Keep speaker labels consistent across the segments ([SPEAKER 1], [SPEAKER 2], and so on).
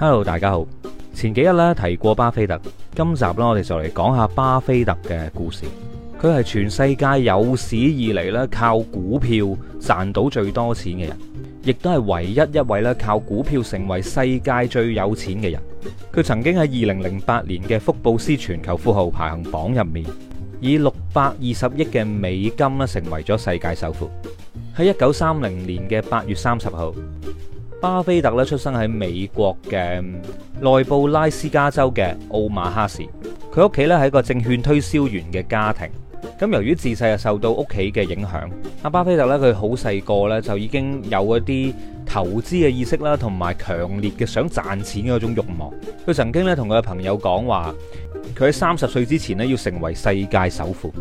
[SPEAKER 1] Hello，大家好。前幾日咧提過巴菲特，今集啦，我哋就嚟講下巴菲特嘅故事。佢係全世界有史以嚟咧靠股票賺到最多錢嘅人，亦都係唯一一位咧靠股票成為世界最有錢嘅人。佢曾經喺二零零八年嘅福布斯全球富豪排行榜入面，以六百二十億嘅美金咧成為咗世界首富。喺一九三零年嘅八月三十號，巴菲特咧出生喺美國嘅內布拉斯加州嘅奧馬哈市，佢屋企咧係一個證券推銷員嘅家庭。咁由於自細就受到屋企嘅影響，阿巴菲特咧佢好細個咧就已經有一啲投資嘅意識啦，同埋強烈嘅想賺錢嘅嗰種欲望。佢曾經咧同佢嘅朋友講話，佢喺三十歲之前咧要成為世界首富。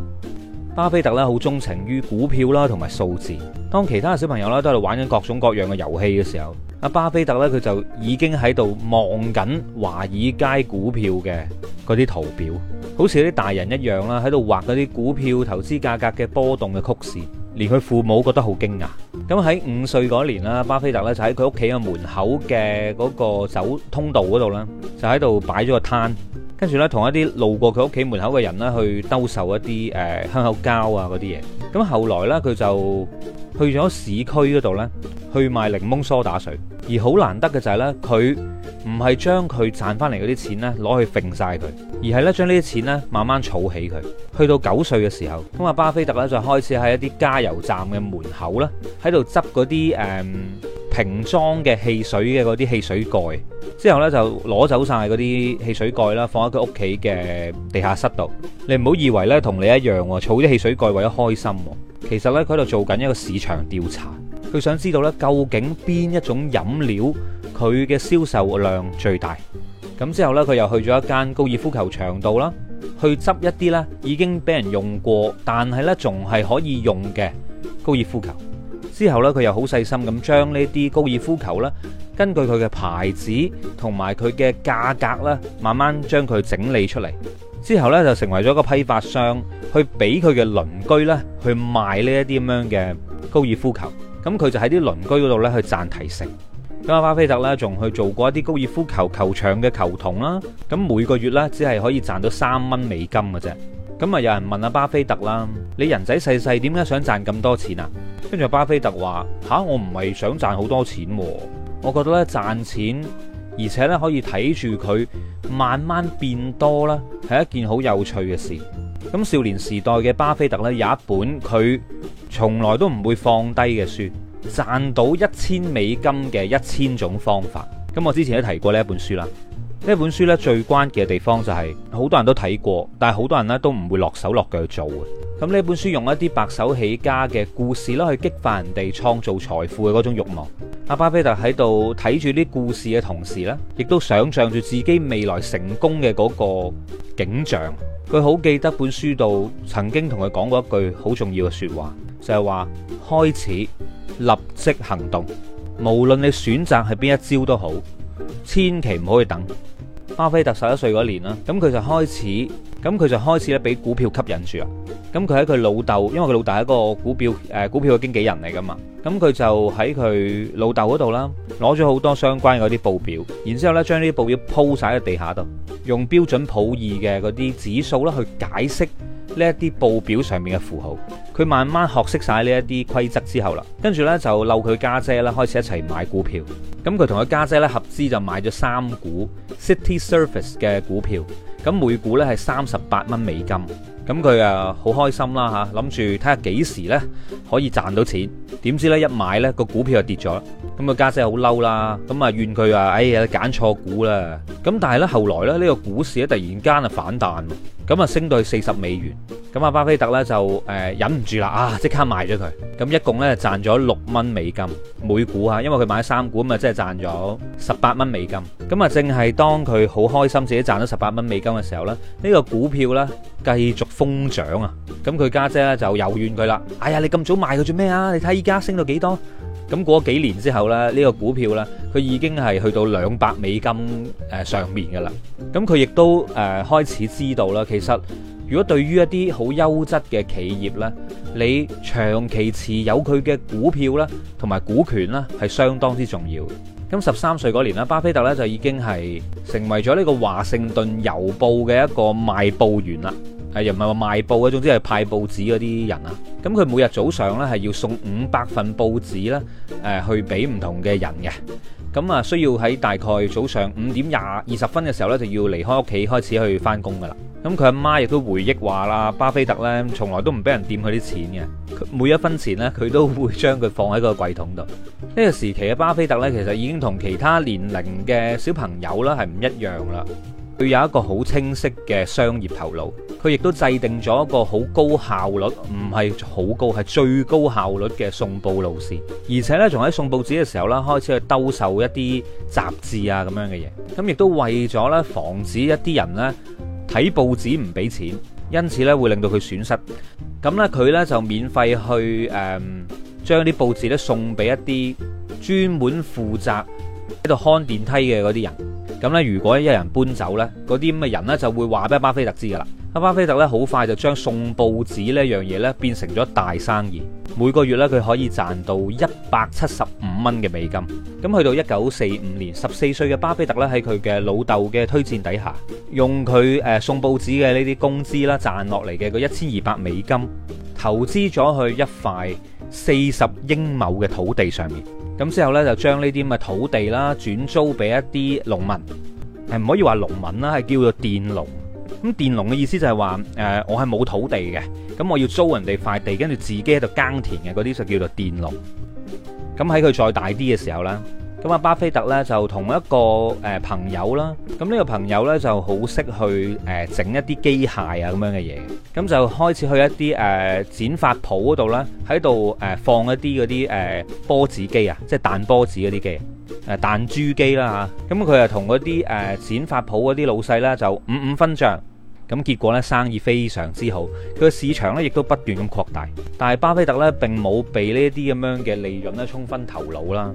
[SPEAKER 1] 巴菲特咧好鍾情於股票啦，同埋數字。當其他小朋友咧都喺度玩緊各種各樣嘅遊戲嘅時候，阿巴菲特咧，佢就已經喺度望緊華爾街股票嘅嗰啲圖表，好似啲大人一樣啦，喺度畫嗰啲股票投資價格嘅波動嘅曲線。連佢父母覺得好驚訝。咁喺五歲嗰年啦，巴菲特咧就喺佢屋企嘅門口嘅嗰個走通道嗰度啦，就喺度擺咗個攤，跟住咧同一啲路過佢屋企門口嘅人咧去兜售一啲誒、呃、香口膠啊嗰啲嘢。咁後來咧佢就去咗市區嗰度呢，去賣檸檬梳打水，而好難得嘅就係呢，佢唔係將佢賺翻嚟嗰啲錢呢攞去揈晒佢，而係呢將呢啲錢呢慢慢儲起佢。去到九歲嘅時候，咁啊巴菲特咧就開始喺一啲加油站嘅門口呢，喺度執嗰啲誒。嗯瓶裝嘅汽水嘅嗰啲汽水蓋，之後呢就攞走晒嗰啲汽水蓋啦，放喺佢屋企嘅地下室度。你唔好以為呢同你一樣儲啲汽水蓋為咗開心，其實呢佢喺度做緊一個市場調查，佢想知道呢究竟邊一種飲料佢嘅銷售量最大。咁之後呢佢又去咗一間高爾夫球場度啦，去執一啲呢已經俾人用過，但係呢仲係可以用嘅高爾夫球。之後咧，佢又好細心咁將呢啲高爾夫球咧，根據佢嘅牌子同埋佢嘅價格咧，慢慢將佢整理出嚟。之後呢，就成為咗個批發商，去俾佢嘅鄰居咧去賣呢一啲咁樣嘅高爾夫球。咁佢就喺啲鄰居嗰度咧去賺提成。咁阿巴菲特呢，仲去做過一啲高爾夫球球場嘅球童啦。咁每個月呢，只係可以賺到三蚊美金嘅啫。咁啊！有人問阿巴菲特啦，你人仔細細點解想賺咁多錢啊？跟住巴菲特話：吓、啊，我唔係想賺好多錢喎，我覺得咧賺錢，而且咧可以睇住佢慢慢變多啦，係一件好有趣嘅事。咁少年時代嘅巴菲特咧有一本佢從來都唔會放低嘅書《賺到一千美金嘅一千種方法》。咁我之前都提過呢一本書啦。呢本書呢，最關鍵嘅地方就係好多人都睇過，但係好多人呢都唔會落手落腳去做嘅。咁呢本書用一啲白手起家嘅故事啦，去激發人哋創造財富嘅嗰種慾望。阿巴菲特喺度睇住啲故事嘅同時呢，亦都想象住自己未來成功嘅嗰個景象。佢好記得本書度曾經同佢講過一句好重要嘅說話，就係話開始立即行動，無論你選擇係邊一招都好。千祈唔可以等。巴菲特十一歲嗰年啦，咁佢就開始，咁佢就開始咧俾股票吸引住啊。咁佢喺佢老豆，因為佢老豆係一個股票誒，股票嘅經紀人嚟噶嘛。咁佢就喺佢老豆嗰度啦，攞咗好多相關嗰啲報表，然之後咧將呢啲報表鋪晒喺地下度，用標準普爾嘅嗰啲指數啦去解釋。呢一啲報表上面嘅符號，佢慢慢學識晒呢一啲規則之後啦，跟住呢，就嬲佢家姐啦，開始一齊買股票。咁佢同佢家姐呢，合資就買咗三股 City Service 嘅股票，咁每股呢，係三十八蚊美金。咁佢啊好開心啦吓，諗住睇下幾時呢可以賺到錢，點知呢一買呢個股票就跌咗，咁個家姐好嬲啦，咁啊怨佢啊，哎呀揀錯股啦，咁但係呢，後來呢，呢個股市咧突然間啊反彈，咁啊升到去四十美元。咁阿巴菲特咧就誒、呃、忍唔住啦啊，即刻賣咗佢。咁一共咧賺咗六蚊美金每股吓，因為佢買三股咁啊，即係賺咗十八蚊美金。咁啊，正係當佢好開心自己賺咗十八蚊美金嘅時候咧，呢、這個股票咧繼續瘋漲啊！咁佢家姐咧就又怨佢啦。哎呀，你咁早賣佢做咩啊？你睇依家升到幾多？咁過咗幾年之後咧，呢、這個股票咧，佢已經係去到兩百美金誒上面噶啦。咁佢亦都誒、呃、開始知道啦，其實。如果對於一啲好優質嘅企業呢，你長期持有佢嘅股票咧，同埋股權咧，係相當之重要。咁十三歲嗰年咧，巴菲特咧就已經係成為咗呢個華盛頓郵報嘅一個賣報員啦。係又唔係話賣報啊？總之係派報紙嗰啲人啊。咁佢每日早上呢係要送五百份報紙啦，誒去俾唔同嘅人嘅。咁啊，需要喺大概早上五點廿二十分嘅時候呢，就要離開屋企開始去翻工噶啦。咁佢阿媽亦都回憶話啦，巴菲特呢從來都唔俾人掂佢啲錢嘅，每一分錢呢，佢都會將佢放喺個櫃桶度。呢個時期嘅巴菲特呢，其實已經同其他年齡嘅小朋友啦係唔一樣啦。佢有一個好清晰嘅商業頭腦，佢亦都制定咗一個好高效率，唔係好高，係最高效率嘅送報路線，而且呢，仲喺送報紙嘅時候呢，開始去兜售一啲雜誌啊咁樣嘅嘢，咁亦都為咗呢防止一啲人呢睇報紙唔俾錢，因此呢會令到佢損失，咁呢，佢呢就免費去誒將啲報紙呢送俾一啲專門負責。喺度看電梯嘅嗰啲人，咁呢，如果一人搬走呢，嗰啲咁嘅人呢，就會話俾巴菲特知噶啦。咁巴菲特呢，好快就將送報紙呢樣嘢呢變成咗大生意，每個月呢，佢可以賺到一百七十五蚊嘅美金。咁去到一九四五年，十四歲嘅巴菲特呢，喺佢嘅老豆嘅推薦底下，用佢誒送報紙嘅呢啲工資啦賺落嚟嘅個一千二百美金，投資咗去一塊四十英畝嘅土地上面。咁之後呢，就將呢啲咁嘅土地啦，轉租俾一啲農民，係唔可以話農民啦，係叫做佃農。咁佃農嘅意思就係話，誒、呃，我係冇土地嘅，咁我要租人哋塊地，跟住自己喺度耕田嘅嗰啲就叫做佃農。咁喺佢再大啲嘅時候呢。咁啊，巴菲特呢就同一個誒、呃、朋友啦，咁呢個朋友呢，就好識去誒整、呃、一啲機械啊咁樣嘅嘢，咁就開始去一啲誒剪髮鋪嗰度啦，喺度誒放一啲嗰啲誒波子機啊，即係彈波子嗰啲機，誒、呃、彈珠機啦嚇，咁佢啊同嗰啲誒剪髮鋪嗰啲老細呢，就五五分賬，咁結果呢，生意非常之好，佢嘅市場呢，亦都不斷咁擴大，但係巴菲特呢，並冇被呢啲咁樣嘅利潤呢沖昏頭腦啦。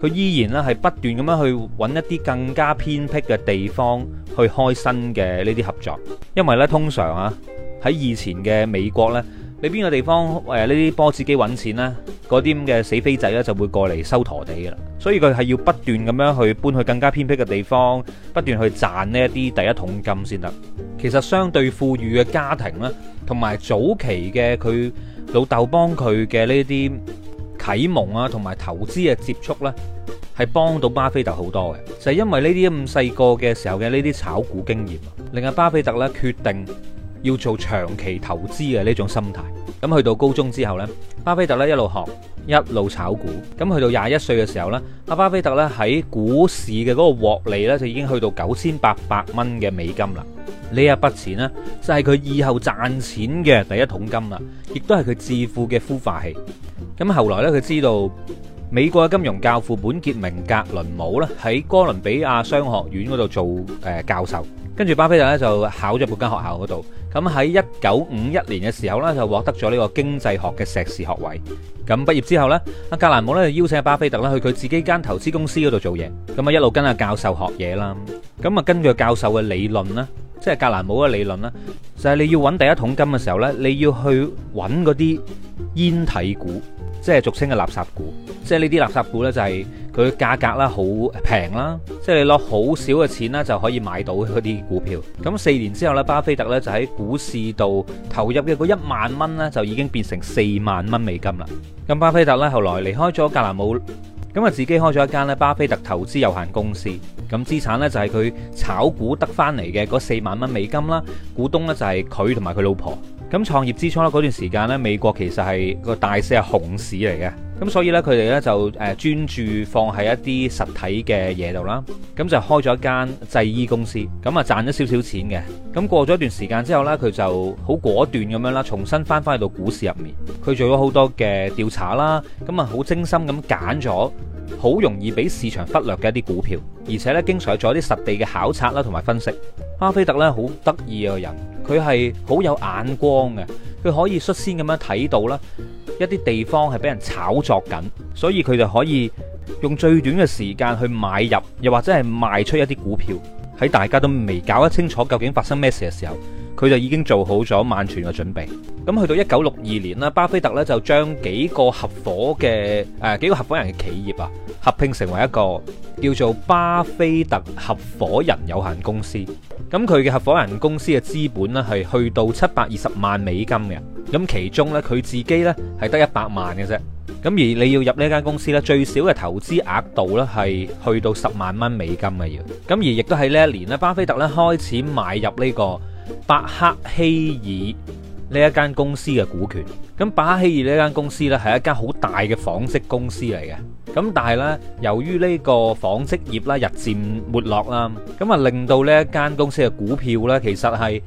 [SPEAKER 1] 佢依然咧係不斷咁樣去揾一啲更加偏僻嘅地方去開新嘅呢啲合作，因為呢，通常啊，喺以前嘅美國呢，你邊個地方誒呢啲波子機揾錢咧，嗰啲咁嘅死飛仔呢，就會過嚟收陀地嘅啦，所以佢係要不斷咁樣去搬去更加偏僻嘅地方，不斷去賺呢一啲第一桶金先得。其實相對富裕嘅家庭咧，同埋早期嘅佢老豆幫佢嘅呢啲。啟蒙啊，同埋投資嘅接觸呢，係幫到巴菲特好多嘅，就係因為呢啲咁細個嘅時候嘅呢啲炒股經驗，令阿巴菲特呢決定要做長期投資嘅呢種心態。咁去到高中之後呢，巴菲特呢一路學一路炒股，咁去到廿一歲嘅時候呢，阿巴菲特呢喺股市嘅嗰個獲利呢，就已經去到九千八百蚊嘅美金啦。呢一筆錢呢就係佢以後賺錢嘅第一桶金啦，亦都係佢致富嘅孵化器。咁後來呢，佢知道美國嘅金融教父本傑明格倫姆咧喺哥倫比亞商學院嗰度做誒教授。跟住巴菲特咧就考咗本間學校嗰度，咁喺一九五一年嘅時候咧就獲得咗呢個經濟學嘅碩士學位。咁畢業之後呢，阿格蘭姆咧就邀請巴菲特咧去佢自己間投資公司嗰度做嘢，咁啊一路跟阿教授學嘢啦。咁啊根據教授嘅理論啦，即係格蘭姆嘅理論啦，就係你要揾第一桶金嘅時候呢，你要去揾嗰啲煙體股，即係俗稱嘅垃圾股，即係呢啲垃圾股呢，就係。佢價格啦好平啦，即係你攞好少嘅錢啦，就可以買到嗰啲股票。咁四年之後咧，巴菲特咧就喺股市度投入嘅嗰一萬蚊咧，就已經變成四萬蚊美金啦。咁巴菲特咧後來離開咗格蘭姆，咁啊自己開咗一間咧巴菲特投資有限公司。咁資產咧就係佢炒股得返嚟嘅嗰四萬蚊美金啦，股東咧就係佢同埋佢老婆。咁創業之初呢，嗰段時間呢，美國其實係個大市係熊市嚟嘅，咁所以呢，佢哋呢就誒專注放喺一啲實體嘅嘢度啦，咁就開咗一間製衣公司，咁啊賺咗少少錢嘅，咁過咗一段時間之後呢，佢就好果斷咁樣啦，重新翻翻去到股市入面，佢做咗好多嘅調查啦，咁啊好精心咁揀咗好容易俾市場忽略嘅一啲股票，而且呢經常做一啲實地嘅考察啦，同埋分析。巴菲特呢，好得意嘅人。佢係好有眼光嘅，佢可以率先咁樣睇到啦。一啲地方係畀人炒作緊，所以佢就可以用最短嘅時間去買入，又或者係賣出一啲股票，喺大家都未搞得清楚究竟發生咩事嘅時候。佢就已經做好咗萬全嘅準備。咁去到一九六二年啦，巴菲特咧就將幾個合夥嘅誒幾個合夥人嘅企業啊，合併成為一個叫做巴菲特合夥人有限公司。咁佢嘅合夥人公司嘅資本咧係去到七百二十萬美金嘅。咁其中咧佢自己咧係得一百萬嘅啫。咁而你要入呢一間公司咧，最少嘅投資額度咧係去到十萬蚊美金嘅要。咁而亦都喺呢一年咧，巴菲特咧開始買入呢個巴克希爾呢一間公司嘅股權，咁巴克希爾呢一間公司呢係一間好大嘅紡織公司嚟嘅，咁但係呢，由於呢個紡織業啦日漸沒落啦，咁啊令到呢一間公司嘅股票呢，其實係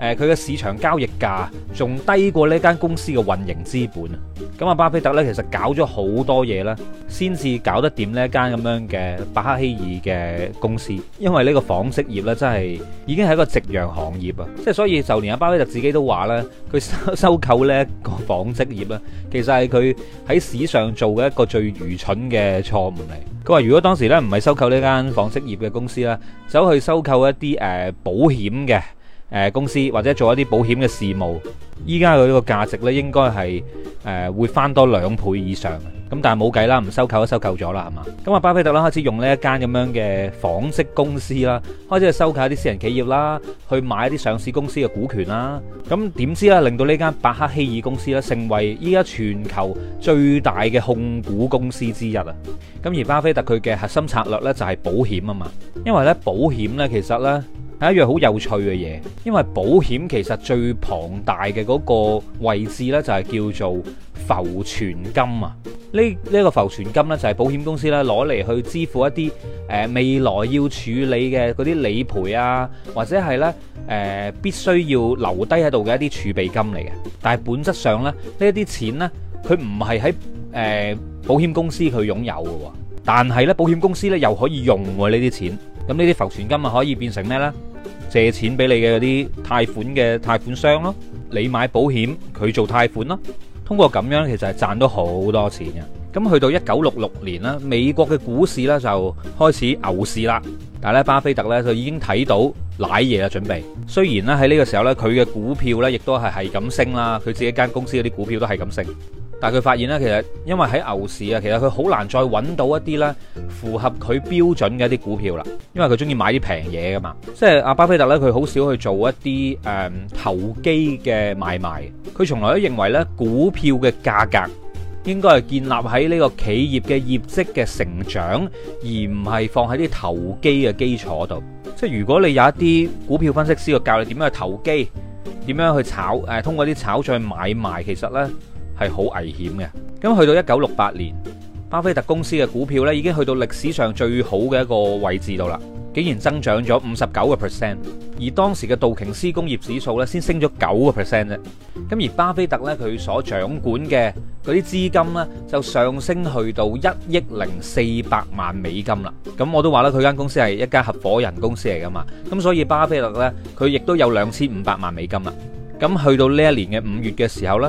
[SPEAKER 1] 誒佢嘅市場交易價仲低過呢間公司嘅運營資本。咁阿巴菲特咧，其實搞咗好多嘢咧，先至搞得掂呢一間咁樣嘅巴克希爾嘅公司。因為呢個紡織業咧，真係已經係一個夕陽行業啊，即係所以就連阿巴菲特自己都話咧，佢收收購呢一個紡織業咧，其實係佢喺史上做嘅一個最愚蠢嘅錯誤嚟。佢話如果當時咧唔係收購呢間紡織業嘅公司咧，走去收購一啲誒、呃、保險嘅。誒，公司或者做一啲保險嘅事務，依家佢呢個價值咧，應該係誒、呃、會翻多兩倍以上。咁但係冇計啦，唔收購都收購咗啦，係嘛。咁啊，巴菲特啦開始用呢一間咁樣嘅紡織公司啦，開始去收購一啲私人企業啦，去買一啲上市公司嘅股權啦。咁點知呢？令到呢間白克希爾公司呢，成為依家全球最大嘅控股公司之一啊。咁而巴菲特佢嘅核心策略呢，就係、是、保險啊嘛。因為呢保險呢，其實呢……係一樣好有趣嘅嘢，因為保險其實最龐大嘅嗰個位置呢，就係、是、叫做浮存金啊！呢、這、呢個浮存金呢，就係保險公司呢攞嚟去支付一啲誒、呃、未來要處理嘅嗰啲理賠啊，或者係呢誒、呃、必須要留低喺度嘅一啲儲備金嚟嘅。但係本質上呢，呢啲錢呢，佢唔係喺誒保險公司去擁有嘅，但係呢保險公司呢，又可以用呢、啊、啲錢。咁呢啲浮存金啊，可以變成咩呢？借錢俾你嘅嗰啲貸款嘅貸款商咯，你買保險，佢做貸款咯。通過咁樣其實係賺到好多錢嘅。咁去到一九六六年啦，美國嘅股市呢就開始牛市啦。但係呢，巴菲特呢就已經睇到瀨嘢啊，準備。雖然呢，喺呢個時候呢，佢嘅股票呢亦都係係咁升啦，佢自己間公司嗰啲股票都係咁升。但係佢發現呢，其實因為喺牛市啊，其實佢好難再揾到一啲呢符合佢標準嘅一啲股票啦。因為佢中意買啲平嘢噶嘛，即係阿巴菲特呢，佢好少去做一啲誒、嗯、投機嘅買賣。佢從來都認為呢，股票嘅價格應該係建立喺呢個企業嘅業績嘅成長，而唔係放喺啲投機嘅基礎度。即係如果你有一啲股票分析師個教你點樣去投機，點樣去炒，誒、呃、通過啲炒菜買賣，其實呢。係好危險嘅。咁去到一九六八年，巴菲特公司嘅股票咧，已經去到歷史上最好嘅一個位置度啦，竟然增長咗五十九個 percent。而當時嘅道瓊斯工業指數咧，先升咗九個 percent 啫。咁而巴菲特咧，佢所掌管嘅嗰啲資金咧，就上升去到一億零四百萬美金啦。咁我都話啦，佢間公司係一間合夥人公司嚟噶嘛。咁所以巴菲特咧，佢亦都有兩千五百萬美金啦。咁去到呢一年嘅五月嘅時候咧。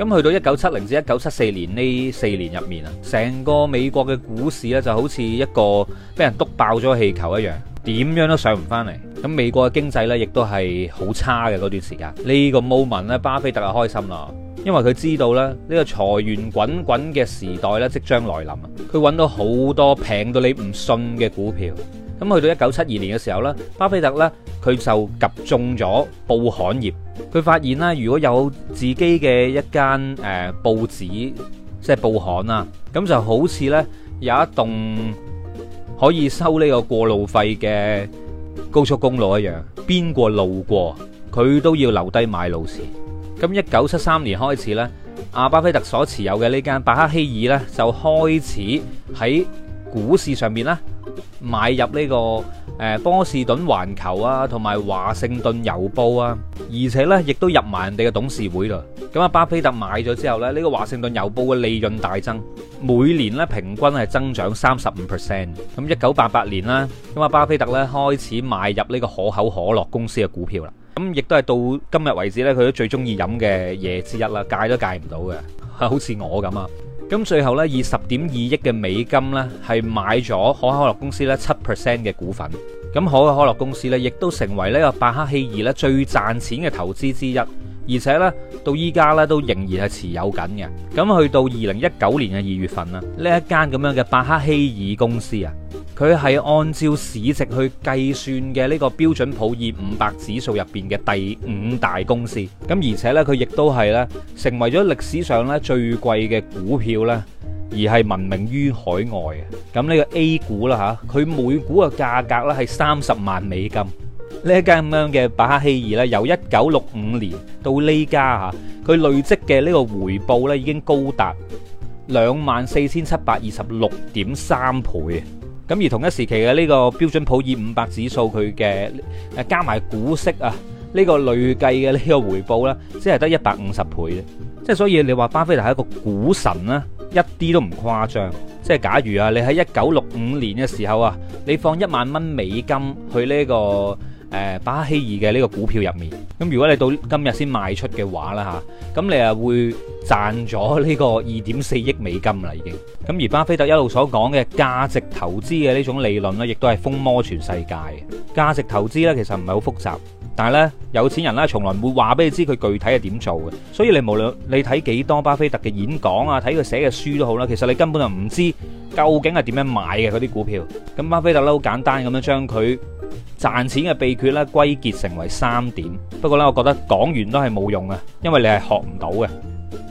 [SPEAKER 1] 咁去到一九七零至一九七四年呢四年入面啊，成個美國嘅股市咧就好似一個俾人篤爆咗氣球一樣，點樣都上唔翻嚟。咁美國嘅經濟咧亦都係好差嘅嗰段時間。呢個 moment 咧，巴菲特啊開心啦，因為佢知道咧呢個財源滾滾嘅時代咧即將來臨啊，佢揾到好多平到你唔信嘅股票。咁去到一九七二年嘅時候咧，巴菲特咧佢就集中咗報刊業。佢發現咧，如果有自己嘅一間誒、呃、報紙，即係報刊啦，咁就好似呢，有一棟可以收呢個過路費嘅高速公路一樣，邊個路過佢都要留低買路錢。咁一九七三年開始呢，阿巴菲特所持有嘅呢間伯克希爾呢，就開始喺股市上面咧。買入呢個呃，波士頓環球啊，同埋華盛頓郵報啊，而且呢亦都入埋人哋嘅董事會啦。咁阿巴菲特買咗之後呢，呢個華盛頓郵報嘅利潤大增，每年呢平均係增長三十五 percent。咁一九八八年啦，咁阿巴菲特呢開始買入呢個可口可樂公司嘅股票啦。咁亦都係到今日為止呢，佢都最中意飲嘅嘢之一啦，戒都戒唔到嘅，好似我咁啊。咁最後呢，以十點二億嘅美金呢，係買咗可口可樂公司呢七 percent 嘅股份。咁可口可樂公司呢，亦都成為呢個伯克希爾呢最賺錢嘅投資之一。而且呢，到依家呢，都仍然係持有緊嘅。咁去到二零一九年嘅二月份啦，呢一間咁樣嘅伯克希爾公司啊。佢係按照市值去計算嘅呢個標準普爾五百指數入邊嘅第五大公司咁。而且呢，佢亦都係咧成為咗歷史上咧最貴嘅股票咧，而係聞名於海外嘅咁呢個 A 股啦嚇，佢每股嘅價格咧係三十萬美金。呢一間咁樣嘅巴克希爾咧由一九六五年到呢家嚇，佢累積嘅呢個回報咧已經高達兩萬四千七百二十六點三倍。咁而同一時期嘅呢個標準普爾五百指數佢嘅誒加埋股息啊，呢個累計嘅呢個回報呢，只係得一百五十倍。即係所以你話巴菲特係一個股神咧，一啲都唔誇張。即係假如啊，你喺一九六五年嘅時候啊，你放一萬蚊美金去呢個。誒，巴菲特嘅呢個股票入面，咁如果你到今日先賣出嘅話啦嚇，咁你啊會賺咗呢個二點四億美金啦已經。咁而巴菲特一路所講嘅價值投資嘅呢種理論呢，亦都係風魔全世界嘅。價值投資呢，其實唔係好複雜，但係呢，有錢人呢從來唔會話俾你知佢具體係點做嘅。所以你無論你睇幾多巴菲特嘅演講啊，睇佢寫嘅書都好啦，其實你根本就唔知究竟係點樣買嘅嗰啲股票。咁巴菲特咧好簡單咁樣將佢。賺錢嘅秘訣咧，歸結成為三點。不過咧，我覺得講完都係冇用呀，因為你係學唔到嘅，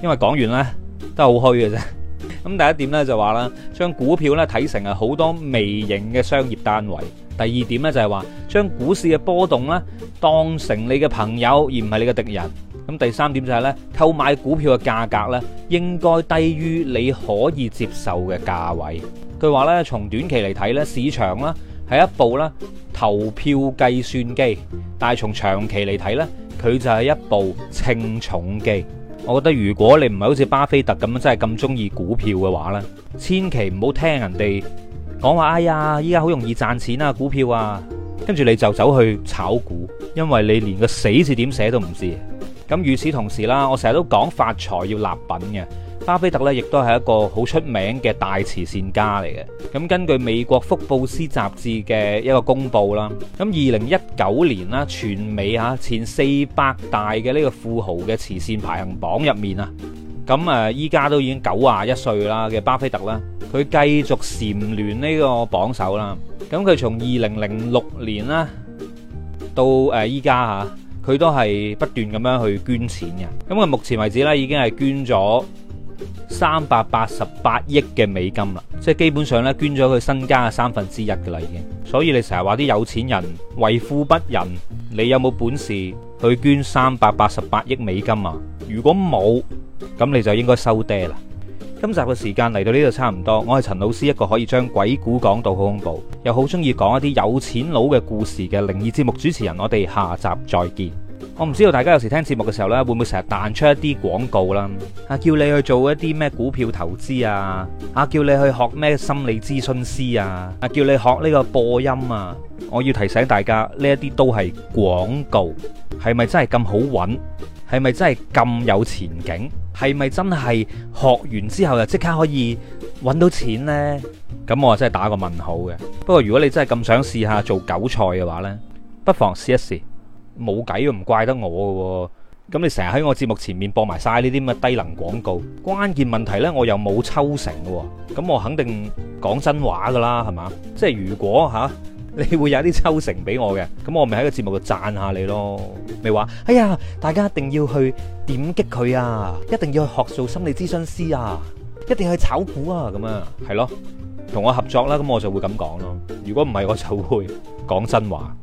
[SPEAKER 1] 因為講完呢都係好虛嘅啫。咁第一點呢，就話啦，將股票咧睇成係好多微型嘅商業單位。第二點呢，就係話，將股市嘅波動咧當成你嘅朋友而唔係你嘅敵人。咁第三點就係呢，購買股票嘅價格呢應該低於你可以接受嘅價位。佢話呢，從短期嚟睇呢，市場咧。係一部啦投票計算機，但係從長期嚟睇咧，佢就係一部稱重機。我覺得如果你唔係好似巴菲特咁樣真係咁中意股票嘅話咧，千祈唔好聽人哋講話，哎呀，依家好容易賺錢啊，股票啊，跟住你就走去炒股，因為你連個死字點寫都唔知。咁與此同時啦，我成日都講發財要立品嘅。巴菲特咧，亦都係一個好出名嘅大慈善家嚟嘅。咁根據美國福布斯雜誌嘅一個公佈啦，咁二零一九年啦，全美嚇前四百大嘅呢個富豪嘅慈善排行榜入面啊，咁啊，依家都已經九啊一歲啦嘅巴菲特咧，佢繼續蟬聯呢個榜首啦。咁佢從二零零六年啦到誒依家嚇，佢都係不斷咁樣去捐錢嘅。咁佢目前為止咧，已經係捐咗三百八十八億嘅美金啦，即係基本上呢捐咗佢身家嘅三分之一嘅啦已經，所以你成日話啲有錢人為富不仁，你有冇本事去捐三百八十八億美金啊？如果冇，咁你就應該收爹啦。今集嘅時間嚟到呢度差唔多，我係陳老師，一個可以將鬼故講到好恐怖，又好中意講一啲有錢佬嘅故事嘅靈異節目主持人，我哋下集再見。我唔知道大家有時聽節目嘅時候呢，會唔會成日彈出一啲廣告啦？啊，叫你去做一啲咩股票投資啊？啊，叫你去學咩心理諮詢師啊？啊，叫你學呢個播音啊？我要提醒大家，呢一啲都係廣告，係咪真係咁好搵？係咪真係咁有前景？係咪真係學完之後就即刻可以搵到錢呢？咁我真係打個問號嘅。不過如果你真係咁想試下做韭菜嘅話呢，不妨試一試。冇計啊！唔怪得我嘅喎，咁你成日喺我節目前面播埋晒呢啲咁嘅低能廣告，關鍵問題呢，我又冇抽成喎，咁我肯定講真話㗎啦，係嘛？即係如果嚇、啊、你會有啲抽成俾我嘅，咁我咪喺個節目度讚下你咯，咪話哎呀，大家一定要去點擊佢啊，一定要去學做心理諮詢師啊，一定要去炒股啊，咁啊，係咯，同我合作啦，咁我就會咁講咯。如果唔係，我就會講真話。